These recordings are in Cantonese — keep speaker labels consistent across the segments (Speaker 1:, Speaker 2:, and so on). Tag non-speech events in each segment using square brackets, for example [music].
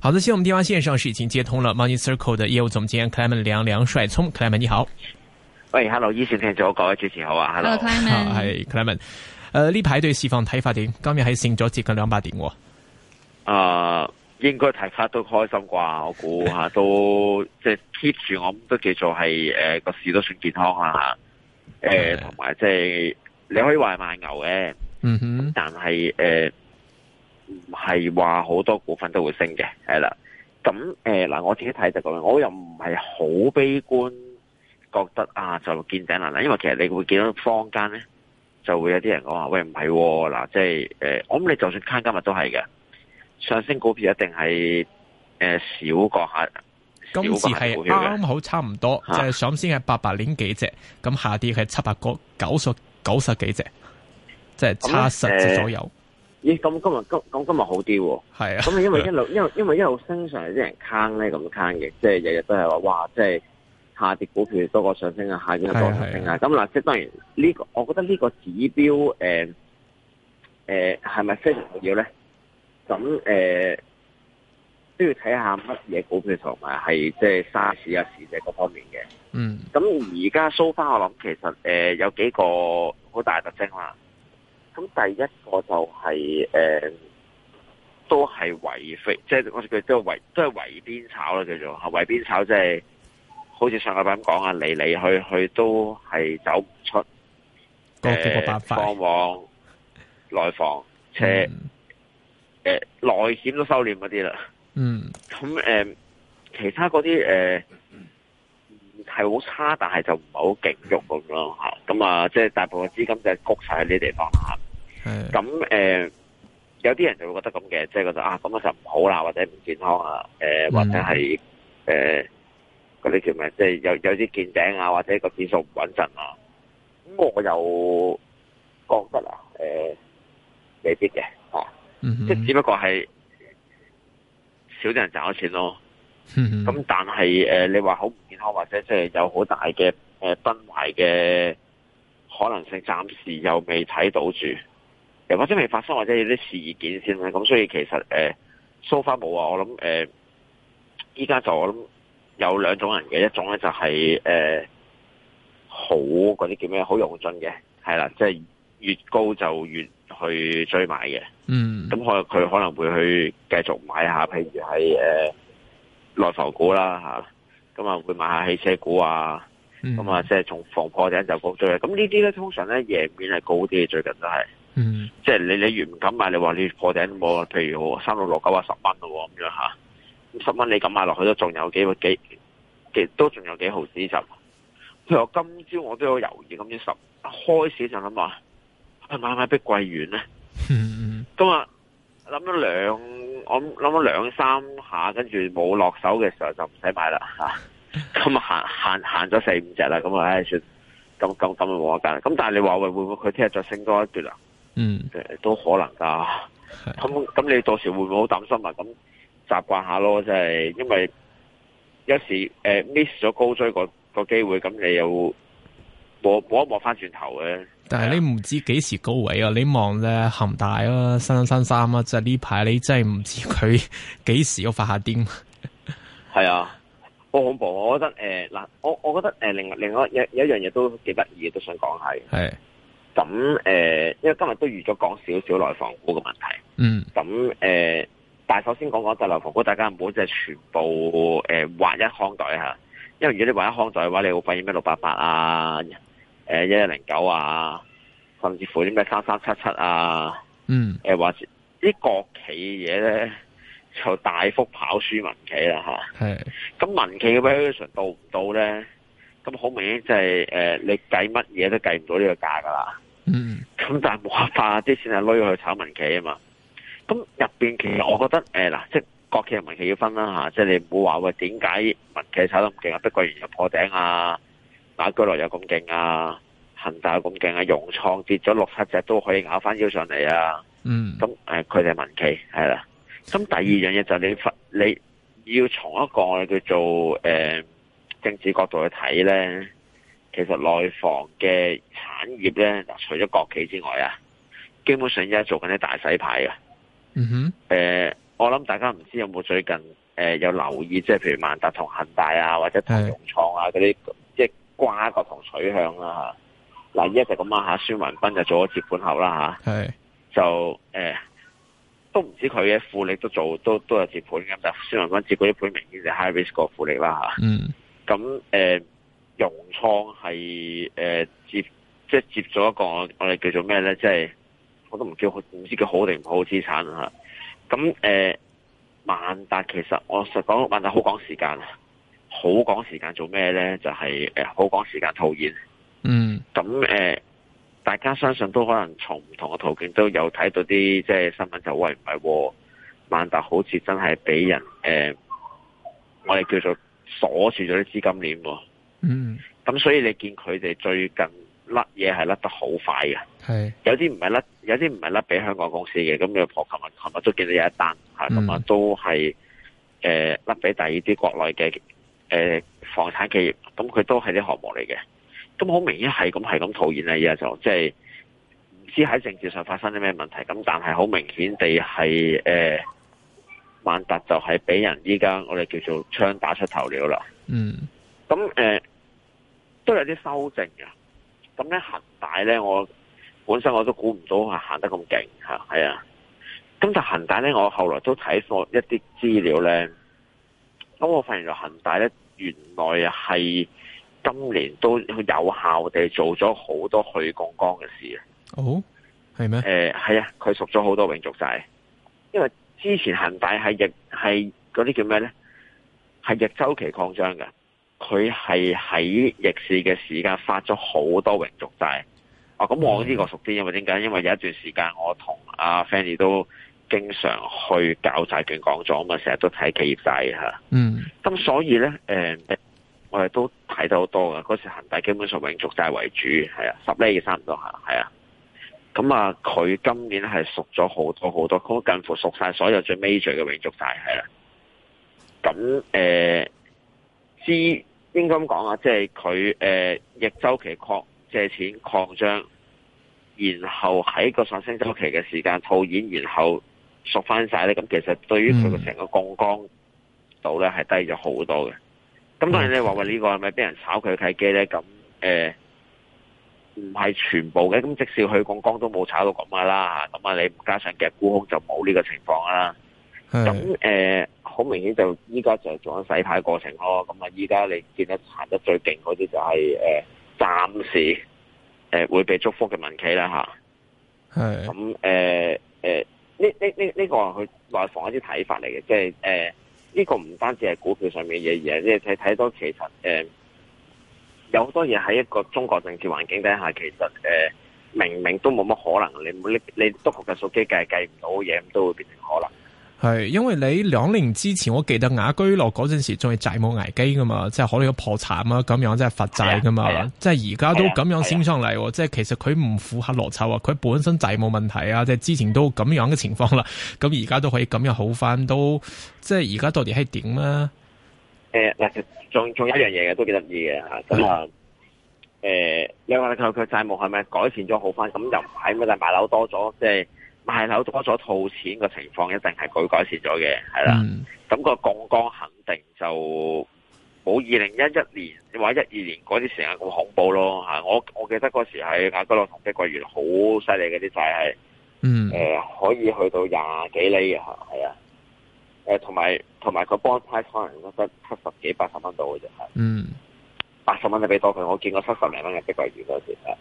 Speaker 1: 好的，先我們電話線上是已經接通了 Money Circle 的業務總監 Clement 梁梁帥聰 Clement 你好。
Speaker 2: 喂、hey，Hello，依線聽眾各位主持好啊，Hello，係
Speaker 1: Clement。誒，呢排、呃、對市況睇法點？今日係升咗接近兩百點。誒、哦
Speaker 2: ，uh, 應該睇法都開心啩，我估吓 [laughs] 都即係 keep 住，我都叫做係誒個市都算健康啊。誒、呃，同 [laughs] 埋即係你可以話係慢牛嘅，
Speaker 3: 嗯 [laughs] 哼，
Speaker 2: 但係誒。唔係話好多股份都會升嘅，係啦。咁誒嗱，我自己睇就咁樣，我又唔係好悲觀，覺得啊就見頂難啦。因為其實你會見到坊間咧，就會有啲人講話，喂唔係嗱，即係誒，我諗你就算看今日都係嘅，上升股票一定係誒少過下。今次係啱啱
Speaker 1: 好差唔多，即、啊、係、就是、上升係八百零幾隻，隻，咁下跌係七百個九十九十幾隻，即、
Speaker 2: 就、係、是、差十隻左右。嗯呃咦，咁今日今今日好啲喎，係啊，咁啊，因為一路，因 [laughs] 為因為一路升上，有啲人坑咧，咁坑嘅，即係日日都係話，哇，即係下跌股票多過上升啊，下跌多過上升啊，咁嗱，即係當然呢、這個，我覺得呢個指標，誒、呃，誒、呃，係咪非常重要咧？咁誒、呃，都要睇下乜嘢股票同埋係即係沙士啊、是是市者嗰方面嘅，嗯，咁而家 so far，我諗其實誒、呃、有幾個好大嘅特徵啦。咁第一個就係、是、誒、呃，都係圍飛，即係我哋叫都圍都係圍邊炒啦叫做吓，圍邊炒即係、就是，好似上個版咁講啊，嚟嚟去去都係走唔出誒，過、呃、往內房誒，誒內險都收斂嗰啲啦。嗯，咁、呃、誒、嗯呃，其他嗰啲誒，係、呃、好差，但係就唔係好勁郁咁樣吓。咁、呃、啊，即係大部分資金就係谷晒喺呢啲地方吓。咁、嗯、誒、呃，有啲人就會覺得咁嘅，即係覺得啊，咁就唔好啦，或者唔健、呃嗯呃、健康啊，誒、啊呃啊嗯嗯呃，或者係誒嗰啲叫咩，即係有有啲見頂啊，或者個指數唔穩陣啊。咁我又覺得啦誒，未必嘅，哦，即係只不過係少啲人賺咗錢咯。咁但係誒，你話好唔健康或者即係有好大嘅誒崩壞嘅可能性，暫時又未睇到住。或者未發生，或者有啲事件先咁，所以其實誒、呃，蘇芬冇啊。我諗誒、依、呃、家就我諗有兩種人嘅，一種咧就係、是、誒、呃、好嗰啲叫咩好勇進嘅，係啦，即、就、係、是、越高就越去追買嘅。嗯，咁佢佢可能會去繼續買一下，譬如係誒、呃、內房股啦，咁啊會買一下汽車股啊，咁啊即係從房破頂就高追。咁呢啲咧通常咧贏面係高啲嘅，最近都係。嗯，即係你你越唔敢買，你話你破頂、啊、都冇啦。譬如我三六六九啊十蚊咯咁樣吓，十蚊你咁買落去都仲有幾幾幾都仲有幾毫子。就譬如我今朝我都有猶豫，咁樣十開始就諗話買買碧桂園咧。咁啊諗咗兩我諗咗兩三下，跟住冇落手嘅時候就唔使買啦吓。咁啊、嗯、行行行咗四五隻啦，咁啊唉算咁咁咁啊冇得揀。咁、嗯嗯嗯嗯嗯嗯嗯、但係你話會會唔會佢聽日再升多一段啊？嗯、呃，都可能噶，咁咁你到時會唔會好擔心啊？咁習慣下咯，即、就、係、係、因為有時誒 miss 咗高追個個機會，咁你又摸摸一摸翻轉頭嘅。
Speaker 1: 但係你唔知幾時高位啊？啊你望咧恒大啊，新新三,三啊，即係呢排你真係唔知佢幾時要發下癲。
Speaker 2: 係啊，好、啊、恐怖！我覺得誒嗱、呃，我我覺得誒、呃，另外另外有有一樣嘢都幾得意，都想講下係。咁誒、呃，因為今日都預咗講少少內房股嘅問題。嗯。咁誒、呃，但首先講講就內房股，大家唔好即係全部誒挖、呃、一康袋嚇。因為如果你挖一康袋嘅話，你會發現咩六八八啊、誒一一零九啊，甚至乎啲咩三三七七啊、嗯、呃、或者啲國企嘢咧就大幅跑輸民企啦嚇。係。咁民企嘅 position 到唔到咧？咁好明顯就係、是、誒、呃，你計乜嘢都計唔到呢個價㗎啦。嗯，咁但係冇辦法，啲錢係攞去炒民企啊嘛。咁入邊其實我覺得誒嗱、呃，即係國企同民企要分啦嚇、啊。即係你唔好話喂，點、呃、解民企炒得唔勁啊？碧桂園又破頂啊，馬居來又咁勁啊，恒大又咁勁啊，融創跌咗六七隻都可以咬翻腰上嚟啊。
Speaker 3: 嗯、
Speaker 2: mm.，咁佢哋係民企係啦。咁第二樣嘢就你你要從一個叫做誒。呃政治角度去睇咧，其實內房嘅產業咧，嗱除咗國企之外啊，基本上而家做緊啲大洗牌啊。
Speaker 3: 嗯
Speaker 2: 哼。誒、呃，我諗大家唔知有冇最近誒、呃、有留意，即係譬如萬達同恒大啊，或者同融創啊嗰啲嘅瓜葛同取向啦、啊。嗱、呃，依家就咁啦吓，孫宏斌就做咗接盤後啦吓。係、啊。就誒、呃，都唔知佢嘅富力都做都都有接盤嘅，但係孫宏斌接嗰啲盤明顯就 high risk 過富力啦吓、啊。嗯。咁誒、呃、融創係誒、呃、接即係接咗一個我哋叫做咩咧？即、就、係、是、我都唔叫唔知佢好定唔好資產，咁誒，萬達其實我實講萬達好趕時間，好趕時間做咩咧？就係、是呃、好趕時間套現。嗯。咁誒、呃、大家相信都可能從唔同嘅途徑都有睇到啲即係新聞就，就話唔係喎，萬、哦、達好似真係俾人誒、呃、我哋叫做。鎖住咗啲資金鏈，嗯，咁所以你見佢哋最近甩嘢係甩得好快嘅，係有啲唔係甩，有啲唔係甩俾香港公司嘅，咁嘅婆琴啊，琴日都見到有一單吓，咁、嗯、啊都係誒甩俾第二啲國內嘅誒房產企業，咁佢都係啲項目嚟嘅，咁好明顯係咁係咁套現啊！而家就即係唔知喺政治上發生啲咩問題，咁但係好明顯地係誒。呃萬、嗯、達就係、是、俾人依家我哋叫做槍打出頭鳥啦。嗯、咁、呃、誒都有啲修正嘅。咁咧恒大咧，我本身我都估唔到行得咁勁吓，係啊。咁但恒大咧，我後來都睇過一啲資料咧，咁我發現咗恒大咧，原來係今年都有效地做咗好多去槓桿嘅事。
Speaker 3: 哦，
Speaker 2: 係咩？誒、呃，係啊，佢贖咗好多永續債。因為。之前恒大係逆係嗰啲叫咩咧？係逆周期擴張嘅，佢係喺逆市嘅時間發咗好多永續債。嗯、哦，咁我呢個熟啲，因為點解？因為有一段時間我同阿 Fanny 都經常去搞債券講座啊嘛，成日都睇企業債啊。嗯。咁所以咧，誒、呃，我哋都睇到好多嘅。嗰時恒大基本上永續債為主，係啊，十厘二差唔多嚇，係啊。咁啊，佢今年係贖咗好多好多，佢近乎贖晒所有最 major 嘅永續債係啦。咁誒，知、呃、應該咁講啊，即係佢誒逆周期擴借錢擴張，然後喺個上升周期嘅時間套現，然後贖翻晒咧。咁其實對於佢嘅成個槓桿度咧，係低咗好多嘅。咁當然你話喂呢、嗯、個係咪俾人炒佢契機咧？咁誒。呃唔係全部嘅，咁即使去廣江都冇炒到咁噶啦，咁啊你加上夾沽空就冇呢個情況啦。咁誒，好、呃、明顯就依家就係做緊洗牌過程咯。咁、嗯就是呃呃、啊，依家你見得行得最勁嗰啲就係誒暫時誒會被祝福嘅民企啦吓，係、呃。咁誒誒，呢呢呢呢個係佢內房一啲睇法嚟嘅，即係誒呢個唔單止係股票上面嘅嘢，而係即係睇睇到其實誒。呃有好多嘢喺一個中國政治環境底下，其實誒、呃、明明都冇乜可能，你你你德國嘅數機計計唔到嘢，都會變成可能。
Speaker 1: 係，因為你兩年之前我記得雅居樂嗰陣時仲係債務危機噶嘛，即係可能有破產啊，咁樣即係負債噶嘛，啊啊、即係而家都咁樣升上嚟，即係、啊啊、其實佢唔符合邏輯啊，佢本身債務問題啊，即係之前都咁樣嘅情況啦，咁而家都可以咁樣好返，都即係而家到底係點啊？
Speaker 2: 誒，嗱，仲仲有一樣嘢嘅，都幾得意嘅吓，咁啊，誒、嗯，因為佢佢債務係咪改善咗好返？咁又唔係，咪但係賣樓多咗，即、就、係、係、賣樓多咗套錢嘅情況，一定係佢改善咗嘅，係啦。咁、嗯個槓桿肯定就冇二零一一年，你話一二年嗰啲時間咁恐怖咯吓。我我記得嗰時喺雅居樂同碧桂園好犀利嗰啲債係，誒、嗯呃，可以去到廿幾厘吓，係啊。誒同埋同埋佢 bond price 可能都得七十幾八十蚊到嘅啫，嗯，八十蚊就俾多佢，我見過七十零蚊嘅碧桂園嗰時即係、啊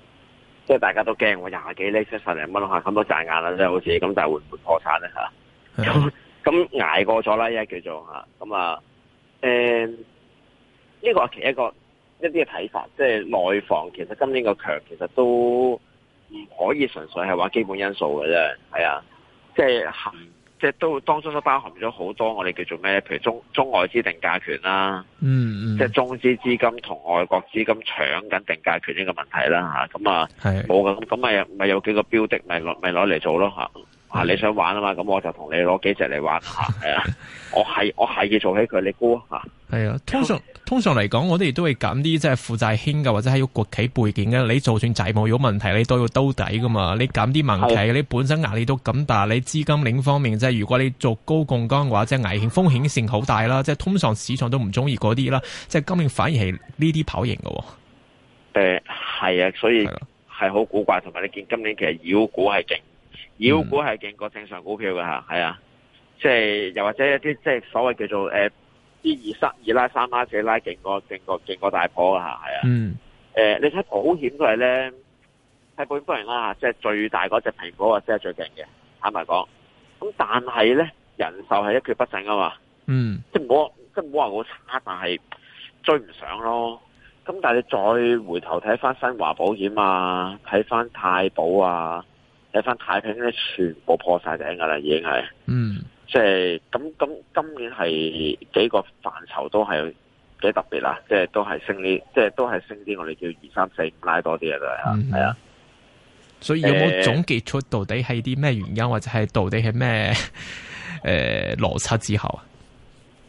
Speaker 2: 就是、大家都驚，我廿幾厘七十零蚊嚇，咁多賺眼啦，即係好似咁就會唔會破產咧嚇？咁、啊、咁、 [laughs] [laughs] 嗯、捱過咗啦，依家叫做嚇，咁啊誒，呢、啊啊呢個係、啊、其一個一啲嘅睇法，即係內房其實今年個強其實都唔可以純粹係話基本因素嘅啫，係啊，即係。嗯即係都當中都包含咗好多我哋叫做咩，譬如中中外資定價權啦，嗯
Speaker 3: 嗯，即係
Speaker 2: 中資資金同外國資金搶緊定價權呢個問題啦吓，咁啊係冇咁咁咪咪有幾個標的咪攞咪攞嚟做咯吓。啊！你想玩啊嘛？咁我就同你攞幾隻嚟玩吓，係啊！我係我係要做起佢，你估吓？
Speaker 1: 係啊！通常通常嚟講，我哋都會揀啲即係負債輕嘅，或者係要國企背景嘅。你就算債務有問題，你都要兜底噶嘛。你揀啲民企，你本身壓力都咁大。你資金領方面即係，如果你做高槓桿嘅話，即係危險風險性好大啦。即係通常市場都唔中意嗰啲啦。即係今年反而係呢啲跑型嘅。
Speaker 2: 誒，係啊，所以係好古怪，同埋、啊、你見今年其實妖股係勁。妖股係勁過正常股票嘅吓，係啊，即係又或者一啲即係所謂叫做誒，二二三二拉三拉四拉勁過勁過勁過大波㗎。吓，係啊。嗯。誒、呃，你睇保險都係咧，喺保險方面啦吓，即係最大嗰隻蘋果啊，即係最勁嘅，坦白講。咁但係咧，人壽係一蹶不振啊嘛。嗯。即係唔好，即係唔好話好差，但係追唔上咯。咁但係你再回頭睇翻新華保險啊，睇翻太保啊。睇翻太平咧，全部破晒頂噶啦，已經係，嗯，即係咁咁，今年係幾個範疇都係幾特別啦，即係都係升啲，即係都係升啲，我哋叫二三四五拉多啲嘅啦吓，係啊，
Speaker 3: 所
Speaker 2: 以有冇總
Speaker 1: 結出到底係啲咩原因，呃、或者係到底係咩誒邏輯之後
Speaker 2: 啊？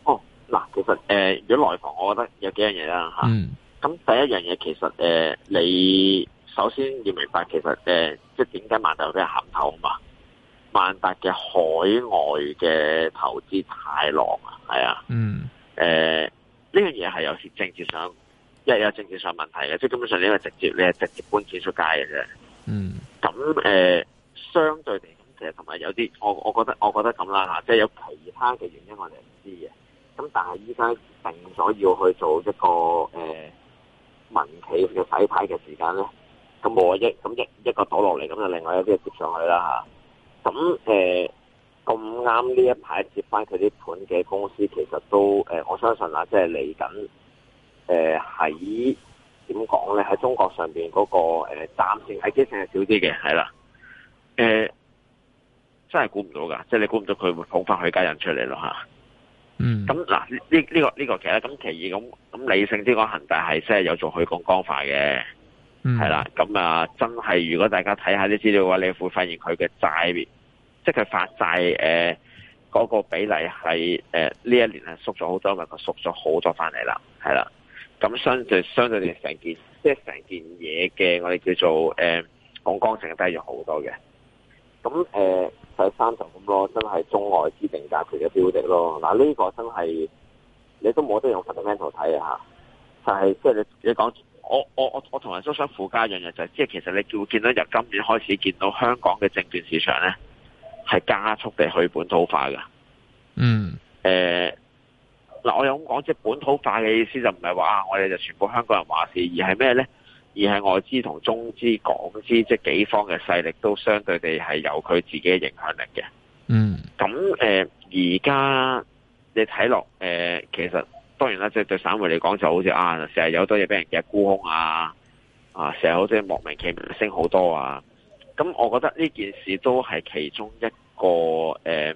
Speaker 2: 哦，嗱，其實誒、呃，如果內房，我覺得有幾樣嘢啦吓，咁、嗯啊、第一樣嘢其實誒、呃，你。首先要明白，其實誒、呃，即點解萬達俾人鹹頭啊嘛？萬達嘅海外嘅投資太浪啊，係啊，嗯，誒呢樣嘢係有政治上，一有政治上問題嘅，即根本上因為直接你係直接搬錢出街嘅啫，嗯，咁誒、呃、相對嚟講，其實同埋有啲，我我覺得我覺得咁啦嚇，即有其他嘅原因我哋唔知嘅，咁但係依家定咗要去做一個誒、呃、民企嘅洗牌嘅時間咧。咁冇益，咁一一個倒落嚟，咁就另外一啲接上去啦吓。咁誒，咁啱呢一排接翻佢啲盤嘅公司，其實都誒、呃，我相信啦，即係嚟緊誒喺點講咧？喺、呃、中國上邊嗰、那個誒，暫、呃、時係機性係少啲嘅，係啦。誒、呃，真係估唔到噶，即係你估唔到佢會捧翻許家人出嚟咯吓。嗯。咁嗱，呢呢、這個呢、這個其一，咁其二，咁咁理性啲講，恒大係真係有做去槓桿化嘅。係啦，咁啊，真係如果大家睇下啲資料嘅話，你會發現佢嘅債，即係佢發債，誒嗰個比例係誒呢一年係縮咗好多，咪佢縮咗好多返嚟啦，係啦，咁相對相對嚟成件，即係成件嘢嘅，我哋叫做誒廣、嗯、江城低咗好多嘅，咁誒睇三十咁多，真係中外資定價佢嘅標的咯，嗱呢個真係你都冇得用 fundamental 睇啊，但係即係你你講。我我我我同人都想附加一樣嘢就係，即係其實你見見到由今年開始見到香港嘅證券市場咧，係加速地去本土化㗎。嗯。誒，嗱，我有咁講，即係本土化嘅意思就唔係話啊，我哋就全部香港人話事，而係咩咧？而係外資同中資、港資即係幾方嘅勢力都相對地係有佢自己嘅影響力嘅。Mm. 嗯。咁、呃、誒，而家你睇落誒，其實。當然啦，即係對散戶嚟講，就好似啊，成日有好多嘢俾人夾沽空啊，啊，成日好似莫名其妙升好多啊！咁我覺得呢件事都係其中一個誒、呃，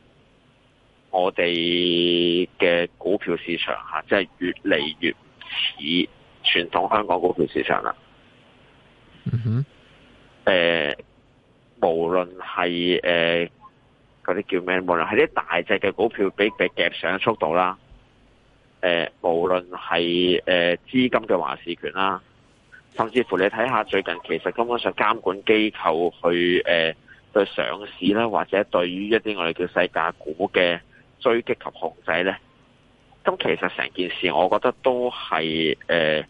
Speaker 2: 我哋嘅股票市場吓、啊，即、就、係、是、越嚟越似傳統香港股票市場啦、啊。嗯哼，誒、呃，無論係誒嗰啲叫咩，無論係啲大隻嘅股票俾俾夾上嘅速度啦、啊。誒、呃，無論係誒資金嘅話事權啦，甚至乎你睇下最近，其實根本上監管機構去誒對、呃、上市啦，或者對於一啲我哋叫世界股嘅追擊及控制咧，咁、嗯、其實成件事，我覺得都係誒。呃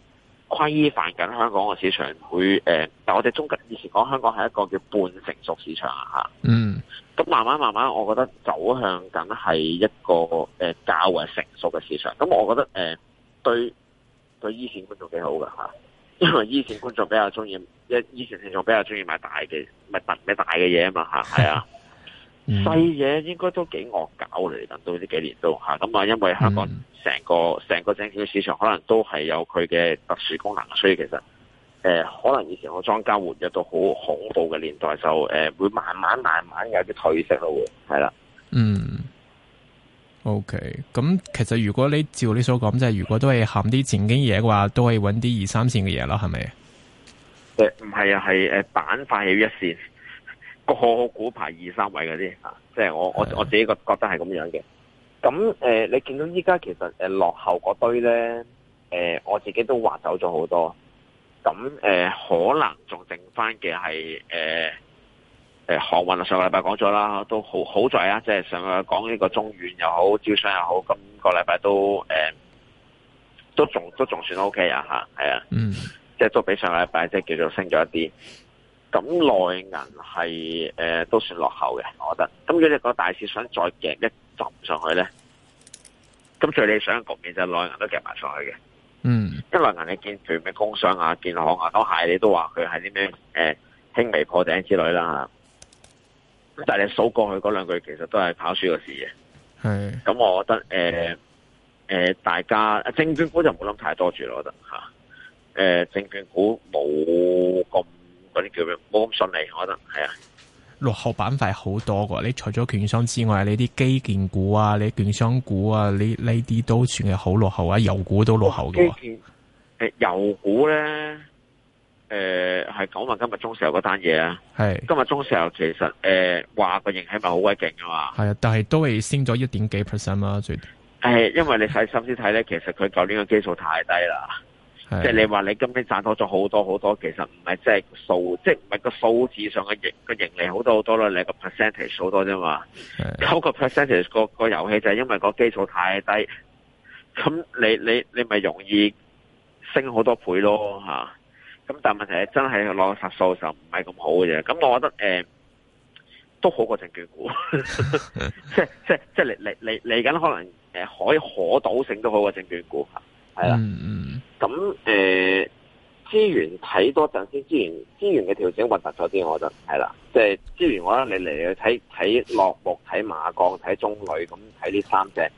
Speaker 2: 規範緊香港個市場會誒、呃，但我哋中國以前講香港係一個叫半成熟市場啊吓、啊。嗯，咁慢慢慢慢，我覺得走向緊係一個誒、呃、較為成熟嘅市場。咁、嗯、我覺得誒、呃、對對依線觀眾幾好噶吓、啊，因為依線觀眾比較中意一依線聽眾比較中意買大嘅，唔係大咩大嘅嘢啊嘛吓，係啊。 [laughs] 細、嗯、嘢應該都幾惡搞嚟緊，到呢幾年都吓咁啊！因為香港成個成個證券嘅市場，可能都係有佢嘅特殊功能，所以其實誒、呃，可能以前個莊家活躍到好恐怖嘅年代，就誒、呃、會慢慢慢慢有啲褪色咯，會係啦。
Speaker 3: 嗯。O
Speaker 1: K，咁其實如果你照你所講，即係如果都係喊啲前景嘢嘅話，都可以搵啲二三線嘅嘢啦，係咪
Speaker 2: 誒，唔係啊，係誒，板塊要一線。個股排二三位嗰啲吓，即、就、係、是、我我我自己覺得覺得係咁樣嘅。咁誒、呃，你見到依家其實誒、呃、落後嗰堆咧，誒、呃、我自己都滑走咗好多。咁誒、呃，可能仲剩翻嘅係誒誒航運上個禮拜講咗啦，都好好在啊。即、就、係、是、上講呢個中遠又好，招商又好，咁、那個禮拜都誒、呃、都仲都仲算 O、OK、K 啊吓，係啊，嗯，即係都比上個禮拜即係叫做升咗一啲。咁內銀係誒、呃、都算落後嘅，我覺得。咁如果你個大市想再勁一浸上去咧，咁最理想嘅局面就內銀都夾埋上去嘅。嗯，因為內銀你見啲咩工商啊、建行啊，都係你都話佢係啲咩誒輕微破頂之類啦嚇。咁但係你數過去嗰兩句其實都係跑輸嘅事嘅。咁我覺得誒、呃呃、大家誒證券股就唔好諗太多住啦，我覺得嚇。誒、啊、證券股冇咁。嗰啲叫咩？冇咁順利，可能係
Speaker 1: 啊。落後板塊好多噶，你除咗券商之外，你啲基建股啊，你券商股啊，你呢啲都算係好落後啊。油股都落後嘅。誒、哦
Speaker 2: 呃，油股咧，誒、呃，係講話今日中石油嗰單嘢啊。係。今日中石油其實誒，話、呃、個人氣咪好鬼勁啊嘛。
Speaker 1: 係啊，但係都係升咗一點幾 percent 啦，最。
Speaker 2: 係、呃，因為你睇深先睇咧， [laughs] 其實佢舊年嘅基數太低啦。即、就、係、是、你話你今年賺多咗好多好多，其實唔係即係數，即係唔係個數字上嘅盈個盈利好多好多啦，你個 percentage 好多啫嘛。九個 percentage 個個遊戲就係因為個基數太低，咁你你你咪容易升好多倍咯吓。咁、啊、但係問題係真係落實數就唔係咁好嘅啫。咁、啊、我覺得誒、嗯、都好過證券股， [laughs] [laughs] 即係即係即係嚟嚟嚟嚟緊可能誒可以可賭性都好過證券股、啊係啦，咁、mm、誒 -hmm.，資、呃、源睇多陣先，資源資源嘅調整核突咗啲，我覺得係啦。即係資源我來來，我覺得你嚟去睇睇洛鉬，睇馬鋼，睇中鋁，咁睇呢三隻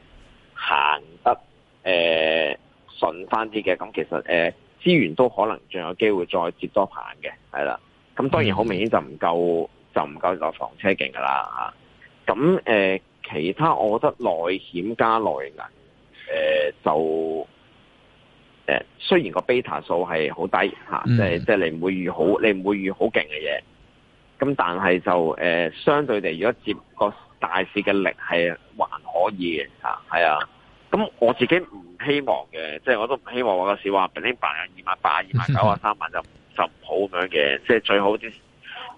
Speaker 2: 行得誒順翻啲嘅，咁其實誒資、呃、源都可能仲有機會再接多棒嘅，係啦。咁當然好明顯就唔夠，mm -hmm. 就唔夠個房車勁噶啦吓。咁誒、呃，其他我覺得內險加內銀誒就。誒，雖然個 beta 數係好低吓，即係即係你唔會遇好，你唔會遇好勁嘅嘢。咁但係就誒、呃，相對地如果接個大市嘅力係還可以嘅吓，係啊。咁我自己唔希望嘅，即係我都唔希望個市話 b l i n 二萬八、廿二萬九啊、三萬就就唔好咁樣嘅。即係最好啲，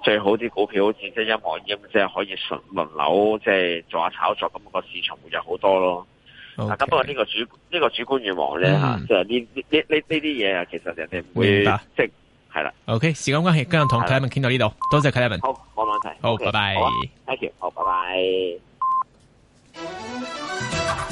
Speaker 2: 最好啲股票好似即一望一樣，即係可以順輪流即係做下炒作，咁個市場會有好多咯。不過呢個主呢、呢個、主觀願望咧呢呢呢呢啲嘢啊，yeah. 其實人哋會即係
Speaker 1: 啦。OK，時間關係，今日同 Kevin 傾到呢度， [noise] 多謝 Kevin。好，冇
Speaker 2: 問題。好，拜、okay, 拜。Thank you、oh bye bye。好，拜 [noise] 拜。